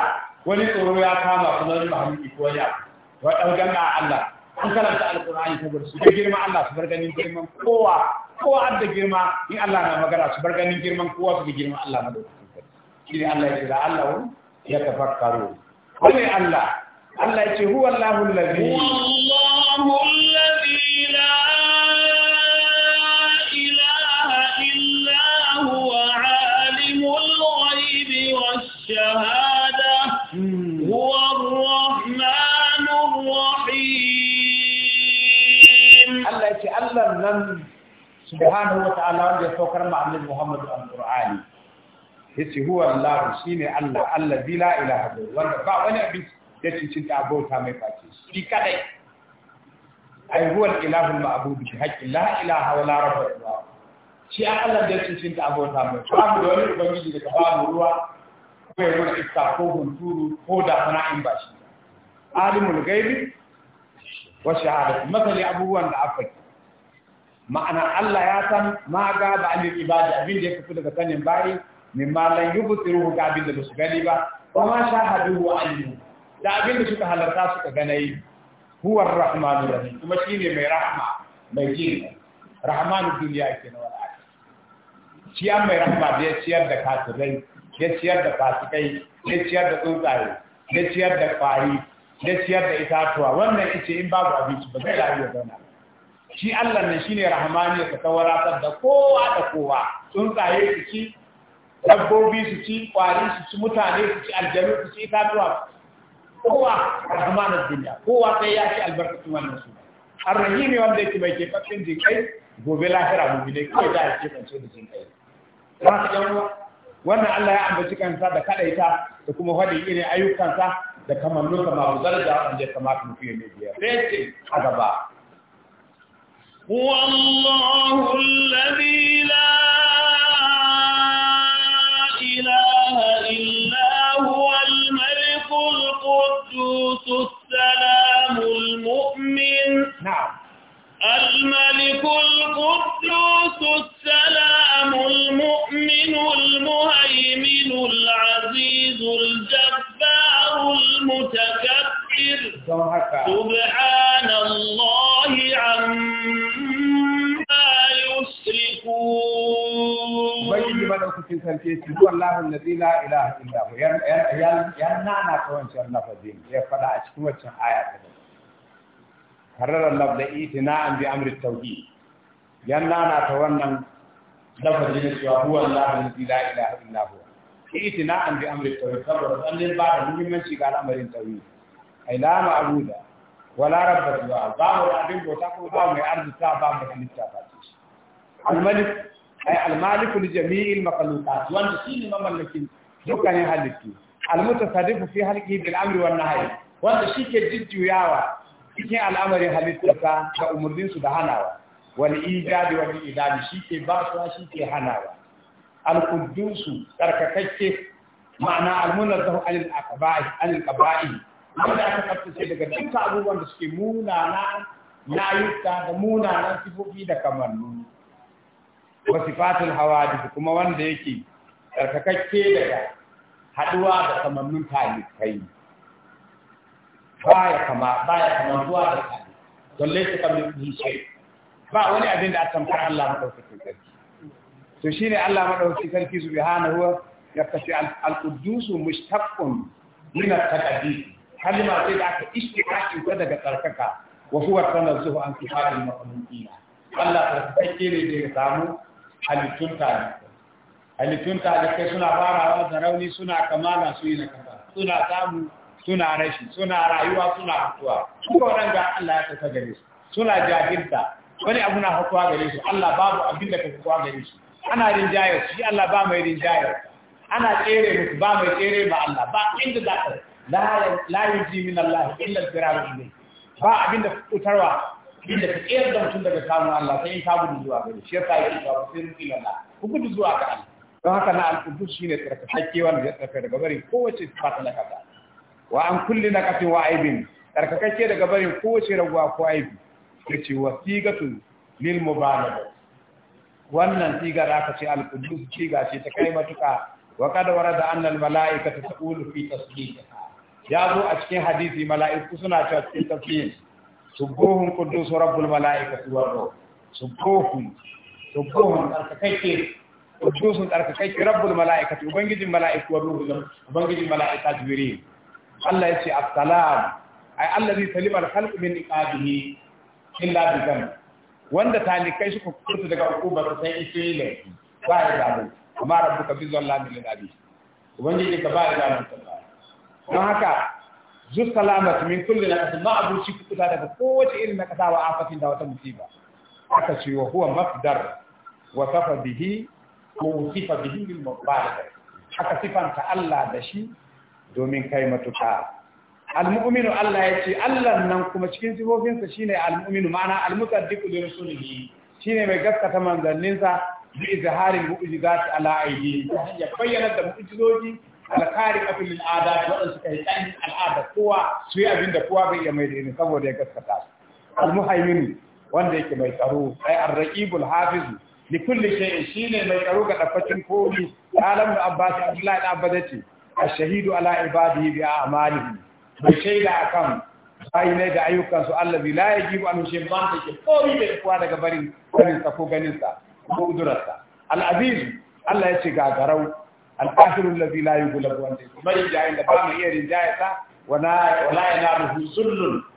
wani tsoro ya kama su nan ba hannu ko ya wa daugan Allah an karanta alqur'ani saboda su girma Allah su bar ganin girman kowa kowa da girma in Allah na magana su bar ganin girman kowa su girma Allah na dauki shi Allah ya ce da Allah ya tafakkaru wani Allah Allah ya ce huwa Allahu allazi Allah nan subhanahu wa ta'ala wanda ya saukar ma annabi Muhammad al-Qur'ani yace huwa Allah shine Allah allazi la ilaha illa wanda ba wani abin da cincin ta abota mai face shi kadai ai huwa al-ilahu al-ma'bud bi haqqi la ilaha wa la rabba illa shi Allah da cincin ta abota mai babu da wani ubangiji da babu ruwa ko ya wani iska ko hunturu ko da sana'in ba shi alimul ghaibi wa shahadati masali abubuwan da afaki ma'ana Allah ya san ma ga ba an ibadi abin da ya fito daga sanin bayi min ma lan yubtiru ga abin da ba su gani ba wa ma hadu wa alimu da abin da suka halarta suka ganai huwa ar-rahmanur rahim kuma ne mai rahma mai jin rahmanu duniya ke na wala shi mai rahma da ya ciyar da kafirai ya ciyar da fasikai ya ciyar da tsuntsaye ya ciyar da kwari ya da itatuwa wannan ice in babu abinci ba zai rayu da zauna shi Allah ne shine rahmani ka tawaratar da kowa da kowa tsuntsaye su ci dabbobi su ci kwari su ci mutane su ci aljanu su ci itatuwa kowa rahmanar duniya kowa sai ya ci albarkacin wannan su arrahimi wanda yake mai ke fakin jinkai gobe lahira mu ne kai da ke kance da jinkai ba ka yan wannan Allah ya ambaci kansa da kadaita da kuma fadin irin ayyukansa da kamar lokacin ma da wanda ya kamata mu fiye ne biyar sai ce a gaba هو الله الذي لا إله إلا هو الملك القدوس السلام المؤمن نعم الملك القدوس السلام المؤمن المهيمن العزيز الجبار المتكبر سبحان الله madaukakin sarki zuwa zila ila ya nana ta wancan lafazin ya faɗa a cikin wancan aya ta da kararar labda na an bi amri tauhi ya nana ta wannan lafazin na cewa huwa Allahun da zila ila illa hu na an bi amri tauhi saboda tsanin ba da muhimmanci ga al'amarin tauhi ai la ma'buda wala rabba ba ba mu abin bauta ko ba mu arzika ba mu halitta ba ce al-malik ai al jami'in li jami'il makhluqat wanda shine mamallakin dukkanin halittu al-mutasaddifu fi halqihi bil amri wan nahyi wanda shike jijjuyawa cikin al'amarin halittarsa ga umarninsu da hanawa wal ijadi wal idadi shike ba su shike hanawa al-quddus tsarkakakke ma'ana al-munazzahu anil aqba'i anil qaba'i wanda aka tsaftace daga dukkan abubuwan da suke munana na da munanan sifofi da kamannu wa sifatul hawadith kuma wanda yake tsarkakakke daga haduwa da samannin talibai baya kama baya kama zuwa da talibai dalle su kamar shi ba wani abin da aka tamkar Allah madaukakin sarki to shine Allah madaukakin sarki subhanahu wa yaftasi al-quddus mushtaqqun min at-taqdis kalma sai da aka ishtiqaqi ta daga tsarkaka wa huwa tanazzuhu an sifatil makhluqina Allah ta tsarkake ne da ya samu halittun tare halittun talibai suna farawa da rauni suna kamala su yi na kafa, suna samu suna rashi suna rayuwa suna mutuwa suka waɗanda Allah ya tafa gare su suna jahilta wani abu na hakuwa gare su Allah babu abin da ka hakuwa gare su ana rinjayar shi Allah ba mai rinjayar ana tsere musu ba mai tsere ma Allah ba inda za ka la yuji min Allah illa al-firar ba abin da kutarwa inda ka tsayar da mutum daga kamun Allah sai ka gudu zuwa gare shi yasa yake cewa sai ruki lalla ku gudu zuwa ga Allah don haka na al-qudus shine tsarkakakke wanda ya tsaka daga barin kowace fata na kaza wa an kulli naqatin wa aibin tsarkakakke daga barin kowace raguwa ko aibi yace wasigatu lil mubalagha wannan sigar aka ce al-qudus siga ce ta kai matuka wa kad warada anna al-mala'ikata taqulu fi tasbihiha ya zo a cikin hadisi mala'iku suna cewa cikin tasbihin subuhun quddus rabbul malaikati war ruh subuhun subuhun tsarkakakke quddus tsarkakakke rabbul malaikati ubangijin malaiku war ruh ubangijin malaika jibril Allah yace assalam ai allazi salima al-khalq min iqabihi illa bi dhanb wanda talikai suka furta daga hukumar sai ita yi laifi ba ya zalu amma rabbuka bi zallamin lil abid ubangiji ka ba ya zalu don haka zu salamat min kulli naqas ma abuci kuta daga kowace irin kasawa a afatin da wata musiba aka ce wa huwa mafdar wa safa bihi ko sifa bihi lil mubarak aka sifanta Allah da shi domin kai matuka almu'minu Allah yace Allah nan kuma cikin sifofinsa shine almu'minu ma'ana almusaddiqu li rasulihi shine mai gaskata manzanninsa bi izharin mu'jizati ala aidi ya bayyana da mu'jizoji alkhari kafin al'ada ada waɗanda suka yi tsanin al'ada kowa su yi abin da kowa bai iya mai da saboda ya gaskata su almuhaimin wanda yake mai tsaro ai arraqibul hafiz li kulli shay'in shine mai tsaro ga dafacin komi alam abbas abdullahi da abbas yace ash-shahidu ala ibadihi bi a'malihi mai shaida akan bayi da ayyukan su allazi la yajibu an shaytan take komi da kuwa daga barin barin sa ko ganin sa ko udurarsa al-aziz Allah ya ce gagarau الكافر الذي لا يغلب وانت ما يجي عند wala yana رجايتا ولا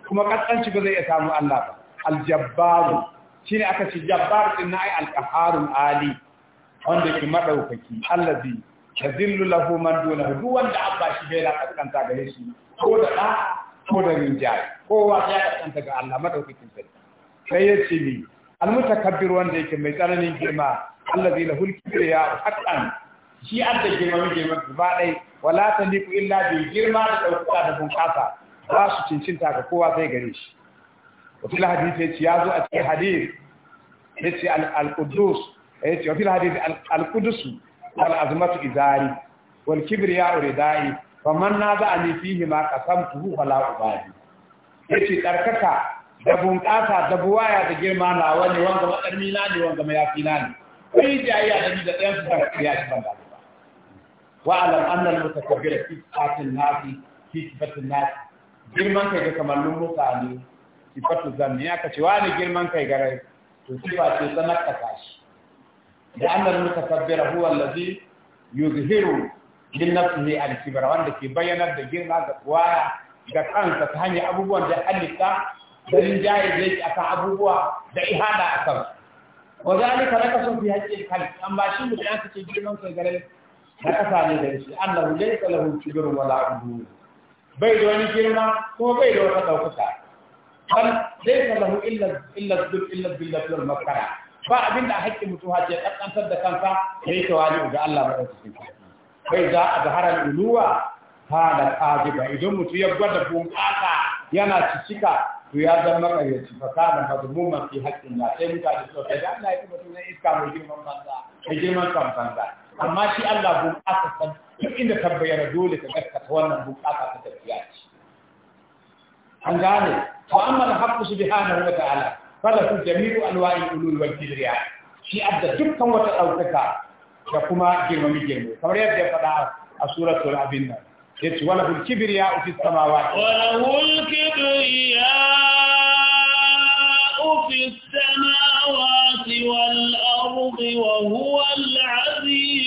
kuma يناله ba zai iya samu Allah ba. الله الجبار شيني aka ci jabbar din ai alqaharul ali wanda ke madaukaki allazi yadillu lahu man dunahu duk wanda abba shi bai la kaskanta gare shi ko da da ko da rinjaye kowa ya kaskanta ga Allah madaukakin sarki sai ya ce ni almutakabbir wanda yake mai tsananin girma allazi lahul kibriya haqqan shi an da girma girman gaba ɗai wala ta liku illa bi girma da ɗaukuka da bunƙasa ba su cincinta ga kowa sai gare shi fil hadith yace ya zo a cikin hadith ya ce al-qudus yace wa fil hadith al-qudus wal azmatu izari wal kibriya uridai faman na za a fihi ma kasamtuhu wala ubadi ya ce da bunƙasa da buwaya da girma na wani wanga matsarmi na ne wanga mayafi na ne kai jayayya da ni da ɗayan su da ya ci banda wa'alam annal mutakabbir fi sifatin nasi fi sifatin nasi girman kai ga kamallin mutane sifatu zanni ya kace wani girman kai garai to sifa ce sanar ta kashi da annal mutakabbir huwa allazi yuzhiru min nafsihi al-kibr wanda ke bayyanar da girma ga kowa ga kansa ta hanyar abubuwan da halitta da jayi da yake akan abubuwa da ihada akan wa zalika lakasun fi haqqi al an amma shi mutum ya kace girman kai garai da ƙasa ne da shi ya laysa lahu kibrun wala ulu bai da wani girma ko bai da wata Kan bal laysa lahu illa illa dhul illa billahi al makara ba abin da haƙƙi mutu haje kaskantar da kansa ta tawali ga Allah su sarki bai za a zahara uluwa Ha da, hada qajiba idan mutum ya gwada bunƙasa yana cicika to ya zama ƙaryaci fa kana mazmuman fi haƙƙin Allah sai mutane su ga Allah ya kuma iska mai girman kansa mai girman kansa amma shi Allah bunƙasa san duk inda tabbayar dole ka gaskata wannan bunƙasa ta tafiya ce an gane wa amma al-haqqu subhanahu wa ta'ala falahu jami'u alwa'i ulul wal kibriya shi adda dukkan wata ɗaukaka da kuma girmami girma kamar yadda ya faɗa a suratul abin nan yace wala hul kibriya fi samawati wala hul kibriya fi السماوات والأرض وهو العزيز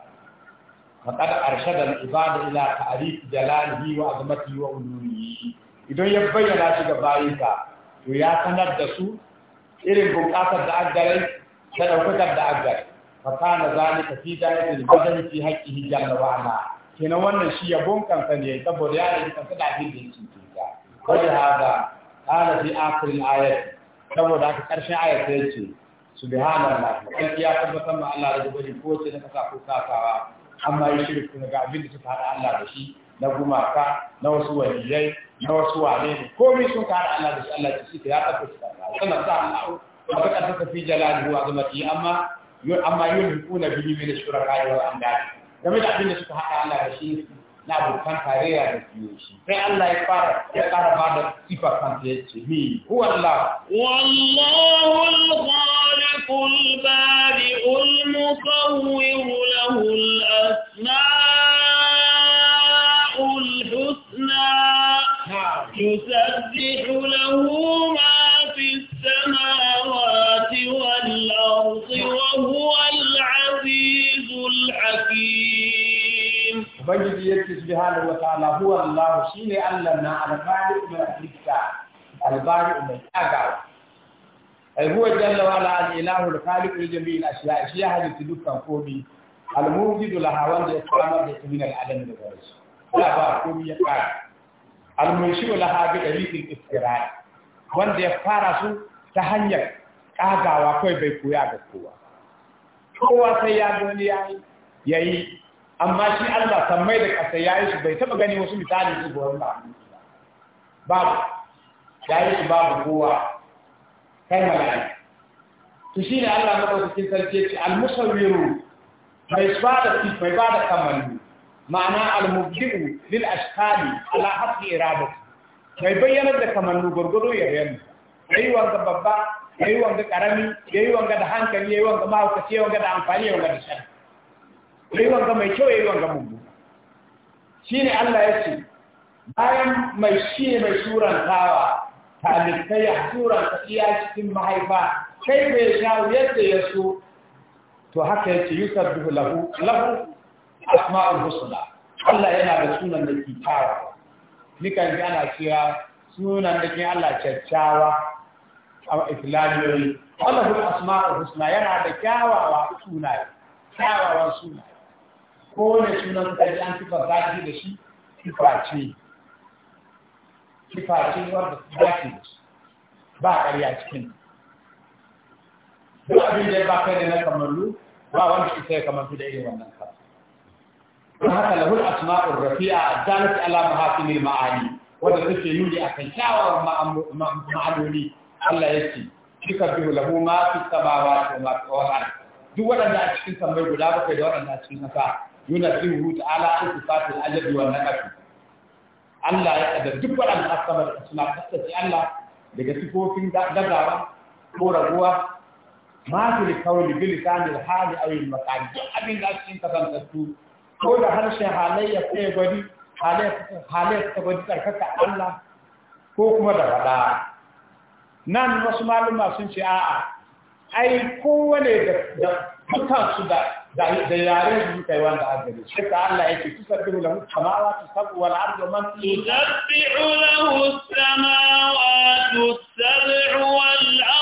faqad arshada al-ibad ila ta'rif jalalihi wa azamatihi wa ulumihi idan ya bayyana shi ga bayinsa to ya sanar da su irin bunƙasar da aggarai da ɗaukakar da aggarai fakana zalika fi dalatil badan fi haqqihi jalla wa ala kenan wannan shi ya bunkansa ne saboda ya yi kansa da abin da yake cikin wani hada kana fi akhirin ayat saboda haka karshen ayat sai ce subhanallah kai ya tabbatar ma Allah da gobe ko ce na kasa ko kasawa amma ya shirku ga abin da suka haɗa Allah da shi na gumaka na wasu waliyai na wasu wane ne komai sun ka haɗa Allah da shi Allah ya shi ya tafi su kana sa Allah wa ka tafi fi jalali wa azamati amma yun amma yun kuna bihi min shuraka wa amdani game da abin da suka haɗa Allah da shi na abokan tarayya da biyo shi sai Allah ya fara ya fara ba da sifar kan ta yace mi huwa Allah wallahu al ilahu al-khaliq al jamil shi ya halitta dukkan komi. al-mujidu laha wanda ya samar da min al-adam da gari ba ba komi ya ka al-munshiru laha bi dalilin istirahi wanda ya fara su ta hanyar kagawa kai bai koya ga kowa kowa sai ya gani yayi yayi amma shi Allah san mai da ƙasa yayi shi bai taba gani wasu misali su gorin ba babu yayi su babu kowa kai mala'ika to shine Allah madaukakin sarki yace al-musawwiru mai bada fi mai bada kamanni ma'ana al-mubdi'u lil ashkali ala haqqi iradati mai bayyana da kamannu gurgudu ya bayyana yayi wanga babba yayi wanga karami yayi wanga da hankali yayi wanga mahaukaci yayi wanga da amfani yayi wanga da shari yayi wanga mai kyau yayi wanga mugu shine Allah yace bayan mai shi mai suran tawa talibai ya suran ta iya cikin mahaifa kai bai shawo yadda ya so to haka yake yusar duhu lahu lahu asma'ul husna Allah yana da sunan da ke Ni nikan ji ana cewa sunan da ke Allah caccawa a islamiyoyi Allahu asma'ul husna yana da kyawawa sunaye kyawawan sunaye kowane sunan da ji an tuka zaki da shi kifaci kifaci wanda zaki da shi ba ƙarya cikin duk abin da ya ba kai da na kamallu ba wani wanda sai kamar kamantu da irin wannan ka don haka lahul asma'ur rafi'a addalat ala mahasinil ma'ani wanda take nuni akan kyawawan ma'anoni Allah ya ce kika bihu lahu ma fi samawati wa ma fi al-ard duk waɗanda a cikin tambayi guda bakwai da waɗanda a cikin ƙasa yuna fi hu ala an sifatil ajabi wa naqati Allah ya kadar duk waɗanda a sama suna kasance Allah daga sifofin gazawa ko raguwa ma su li kawli bi lisanil hali aw al maqal duk abin da cikin kasantattu ko da harshen halayya sai gwadi halayya ta gwadi karkata Allah ko kuma da fada nan wasu maluma sun ce a'a ai kowane da dukansu da da yare su suka yi wanda an gare shi ka Allah yake tusabbihu lahu samawati sab'u wal ardu man fihi tusabbihu lahu samawati sab'u wal ardu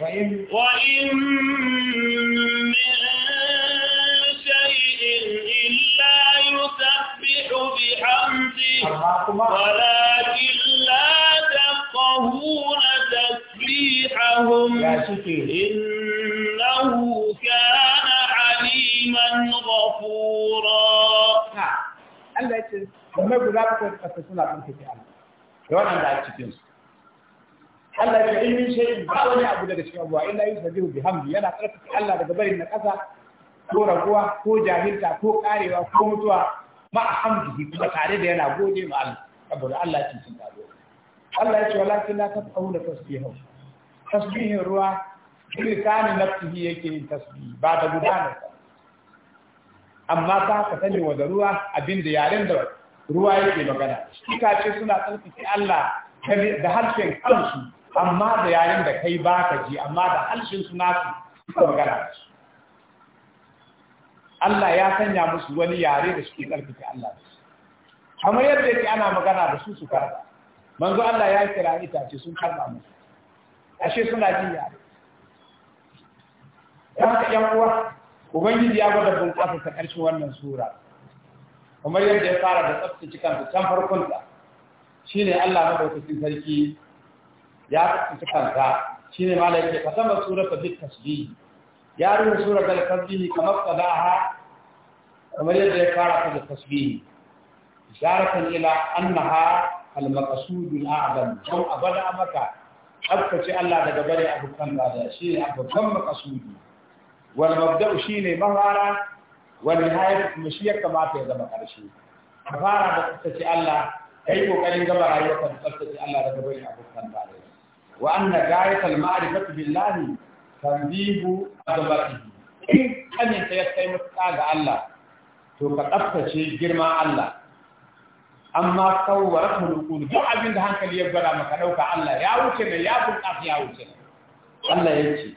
وإن, وإن من شيء إلا يسبح بحمده ولكن لا تفقهون تسبيحهم إنه كان عليما غفورا Allah ya ce, "Kamar guda ka tafi suna ɗan tafi Allah, yawan da a cikinsu." Allah ya ilmin shay'in ba wani abu daga cikin abuwa illa yusabbihu bihamdi yana tsarkake Allah daga barin na kasa ko raguwa ko jahilta ko karewa ko mutuwa ma hamdihi kuma tare da yana gode ma Allah saboda Allah ya tuntunta Allah ya ce walakin la tafqahuna tasbihahu tasbihin ruwa bilkanin nafsihi yake yin tasbih ba da gudanar amma ta ka sani wa da ruwa abinda yaren da ruwa yake magana shi ce suna tsarkake Allah da harshen kansu amma da yayin da kai ba ka ji amma da halshin su nasu suka magana Allah ya sanya musu wani yare da suke karfafa Allah da su kamar yadda yake ana magana da su su karba manzo Allah ya kira itace sun karba musu ashe suna jin yare Ta ka yan uwa ubangiji ya gwada bunƙasa ta ƙarshen wannan sura kamar yadda ya fara da tsaftace kanta, can farkon ta shine Allah madaukakin sarki ya tsinci kansa shine malai yake kasama surata bit tasbih ya rubuta surata da tasbih kamar qadaha kamar yadda ya fara ta da tasbih isharatan ila annaha al-maqsud al-a'zam kun abada maka tsabtace Allah daga bare abukan da shi ne abukan maqsudi wal mabda'u shine mahara wal nihayatu kuma shi ya kamata ya zama karshe fara da tsabtace Allah kai kokarin gaba rayuwarka da tsabtace Allah daga bare abukan da وأن غاية المعرفة بالله تنبيه أدبته إن كان يتيسر متقاد الله to ka tsaftace girman Allah amma tsawwarar hulukul duk abin da hankali ya gwada maka ɗauka Allah ya wuce ne ya bunƙasa ya wuce ne Allah ya ce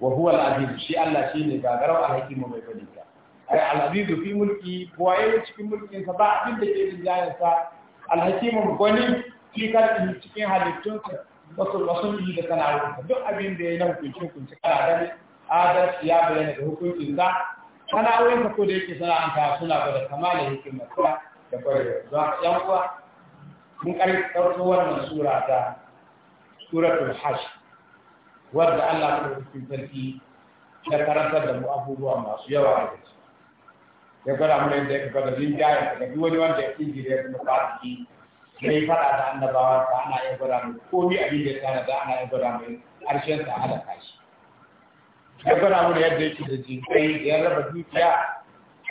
wa huwa al-aziz shi Allah shine gagarau al mai fadita ai al-aziz fi mulki ko ya cikin mulkin ba abinda da ke rinjayen sa al cikin halittun wasu wasu da sana'o'i duk abin da ya na hukunci hukunci kana gani adalci ya bayyana da hukuncin sa sana'o'in ka ko da yake sana'anta suna ba da kamala hikima kuma da kwarewa don yan uwa mun kai ɗauko wannan sura ta suratul hajj wanda Allah ya hukunci sarki da karantar da mu abubuwa masu yawa a gaske ya gwada mana yadda ya kafa da rinjayen da duk wani wanda ya kinjire ya kuma fasiki na yi fara da annabawa ta ana yin gwada Ko ni abin da ya tsara da ana yin gwada mu harshen sa halaka kashi. ya gwada mu da yadda yake da jinkai ya raba dukiya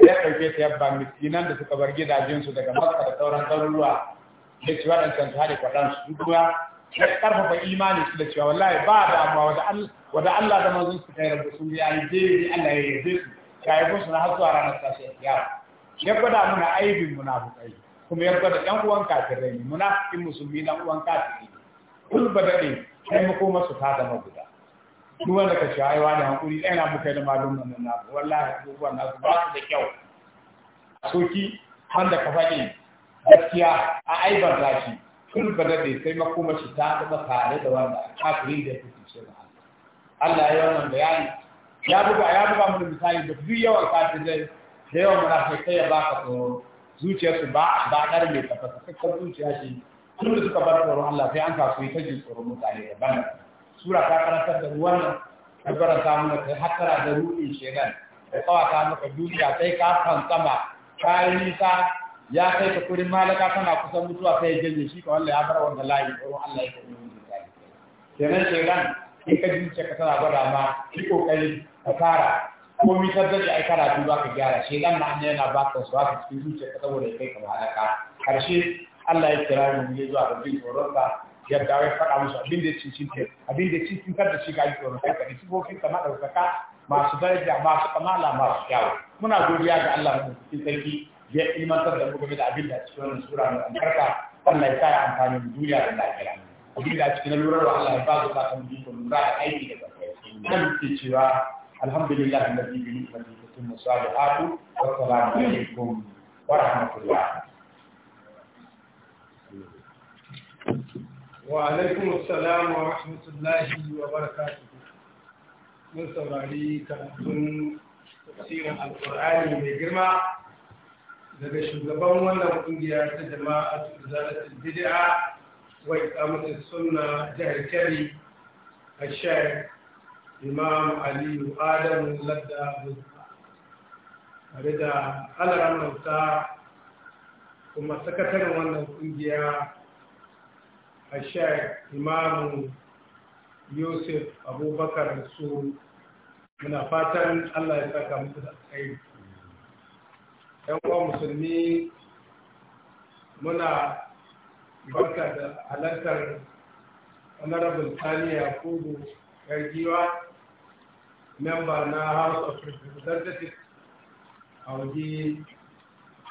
ya ɗauke ta yabba miskinan da suka bar gidajen su daga makka da sauran garuruwa da cewa ɗan can tare kwaɗan su kuma ya karfafa imani su da cewa wallahi ba damuwa wada Allah da manzon su kai rabu sun biya yi daidai Allah ya yarda su kayi gusu na har zuwa ranar tashi ya ya gwada muna aibin munafukai kuma ya gwada ɗan uwan kafirai ne munafikin musulmi ɗan uwan kafirai ne kul bada ne kai mako masu ta zama guda duk wanda ka ci haiwa da hankuri ɗaya na muka yi da malum nan na wallahi abubuwan nasu ba su da kyau a soki wanda ka faɗi gaskiya a aibar zaki kul bada ne sai mako masu ta zama tare da wanda kafiri da ya fi tushe da Allah ya yi wannan bayani ya buga ya buga mu misali da duk yawan kafirai da yawan munafikai ya ka tsoro zuciyarsu ba ba dar mai tafasakakkar zuciya shi tun da suka bar tsoron Allah sai an kasu ta jin tsoron mutane daban sura ta karantar da ruwan ta karanta kai hattara da ruɗin shegan da tsawata maka duniya sai ka fantsama kayan nisa ya kai ka kurin malaka tana kusan mutuwa sai ya janye shi ka wallahi ya bar wanda layi tsoron Allah ya kai yin mutane kenan in ka ji ka tana gwada ma ki kokari ka fara ko mi ka daɗe ai karatu ka gyara shi dan nan yana ba ka su cikin zuciya ka saboda ya kai ka ma'alaka karshe Allah ya kira mu ne zuwa ga bin tsoron ka ga ya faɗa musu abin da cikin ta abin da cikin kar da shi ga tsoron kai ka sifofin ka madaukaka masu daraja masu kamala masu kyawu muna godiya ga Allah mu cikin sarki ya ilmantar da mu game da abin da cikin wannan sura na albarka Allah ya sa ya amfani mu duniya da lafiya abin da cikin lura Allah ya ba su ba kan mu da aiki da kai nan cewa الحمد لله الذي بنعمته تتم الصالحات والسلام عليكم ورحمه الله وعليكم السلام ورحمة الله وبركاته من سوالي كنتم تفسير القرآن بجمع لبشو زبان ولا مقنجية جماعة إزالة البدعة وإقامة السنة جهر كري الشيخ imam aliyu adamu ladda buzka tare da alaramauta kuma sakataren wannan kungiya a shek imamu yusuf abubakar su muna fatan allah ya saka mutu da tsaye yan uwa musulmi muna barka da halartar honorable taniya kudu yarjiwa memba na house of representatives audi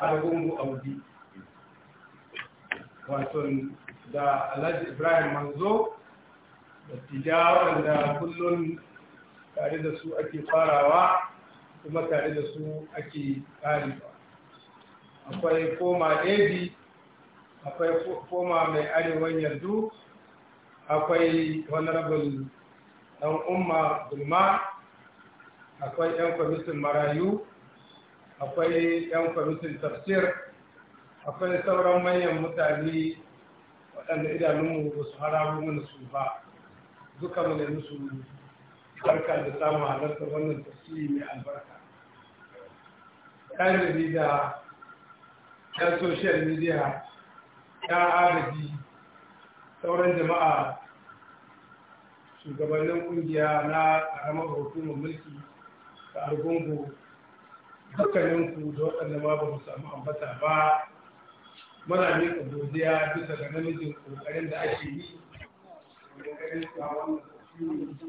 argungu audi wato da alhaji ibrahim manzo da tijawan da kullum tare da su ake farawa kuma tare da su ake karewa akwai koma ebi akwai koma mai arewan yardu akwai honorable dan umma gulma akwai 'yan kwamitin marayu akwai 'yan kwamitin tafsir akwai sauran manyan mutane waɗanda idanunmu ba su hararu mana su ba duka mu nemi su barka da samun halartar wannan tafsiri mai albarka ɗalibi da 'yan social media ɗan agaji sauran jama'a shugabannin ƙungiya na ƙaramar hukumar mulki ga argungu dukkaninku da waɗanda ma ba mu samu ambata ba muna miƙa godiya bisa ga namijin ƙoƙarin da ake yi ƙoƙarin da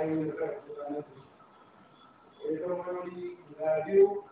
ayyukan gudanar da su. Ƙoƙarin guda biyu